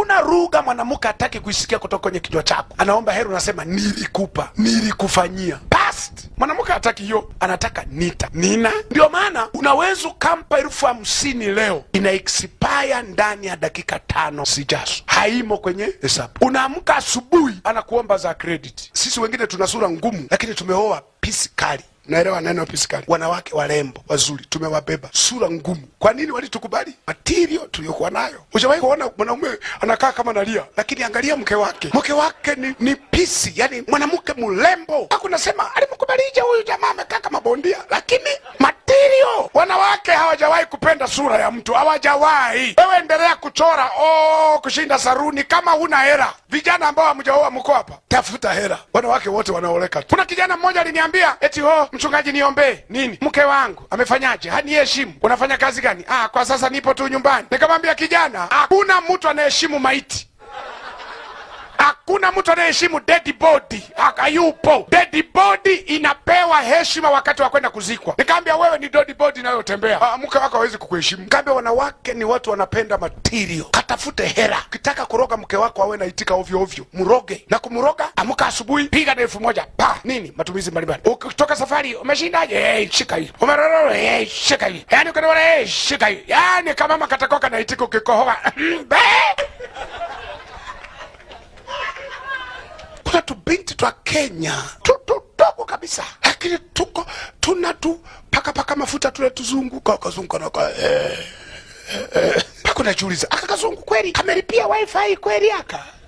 Hakuna rugha mwanamke hataki kuisikia kutoka kwenye kichwa chako. Anaomba heri, unasema nilikupa, nilikufanyia. Past mwanamke hataki hiyo, anataka nita, nina. Ndio maana unaweza ukampa elfu hamsini leo, ina expire ndani ya dakika tano zijazo haimo kwenye hesabu. Unaamka asubuhi, anakuomba za credit. Sisi wengine tuna sura ngumu, lakini tumeoa pisi kali Naelewa neno pisikali. Wanawake warembo wazuri tumewabeba, sura ngumu. Kwa nini walitukubali? Matirio tuliyokuwa nayo. Ushawahi kuona mwanaume anakaa kama nalia, lakini angalia mke wake, mke wake ni, ni pisi, yani mwanamke mrembo. Hakunasema alimkubalije huyu jamaa amekaa kama bondia, lakini hawajawahi kupenda sura ya mtu, hawajawahi. Wewe endelea kuchora oh, kushinda saruni kama huna hela. Vijana ambao hamjaoa mko hapa, tafuta hela. Wanawake wote wanaoleka. Kuna kijana mmoja aliniambia eti ho, oh, mchungaji, niombee nini? Mke wangu amefanyaje? Haniheshimu. Unafanya kazi gani? Ah, kwa sasa nipo tu nyumbani. Nikamwambia kijana, hakuna mtu anaheshimu maiti Hakuna mtu anayeheshimu dead body, hayupo. Dead body inapewa heshima wakati wa kwenda kuzikwa. Nikaambia wewe ni dead body inayotembea, ah, mke wako hawezi kukuheshimu. Nikaambia wanawake ni watu wanapenda material, katafute hera. Ukitaka kuroga mke wako awe naitika ovyo ovyo, mroge na kumroga. Amka asubuhi, piga na elfu moja pa nini, matumizi mbalimbali. Ukitoka safari, umeshindaje? Hey, eh, shika hii, umerororo. Hey, eh, shika hii, yani ukanona. Hey, eh, shika hii, yani kama mama katakoka naitika ukikohoa binti twa Kenya tutudogo kabisa, lakini tuko tuna tu paka paka mafuta tule tuzunguka kazunguka na kwa eh, eh, eh. Pako najiuliza aka kazungu kweli kamelipia wifi kweli aka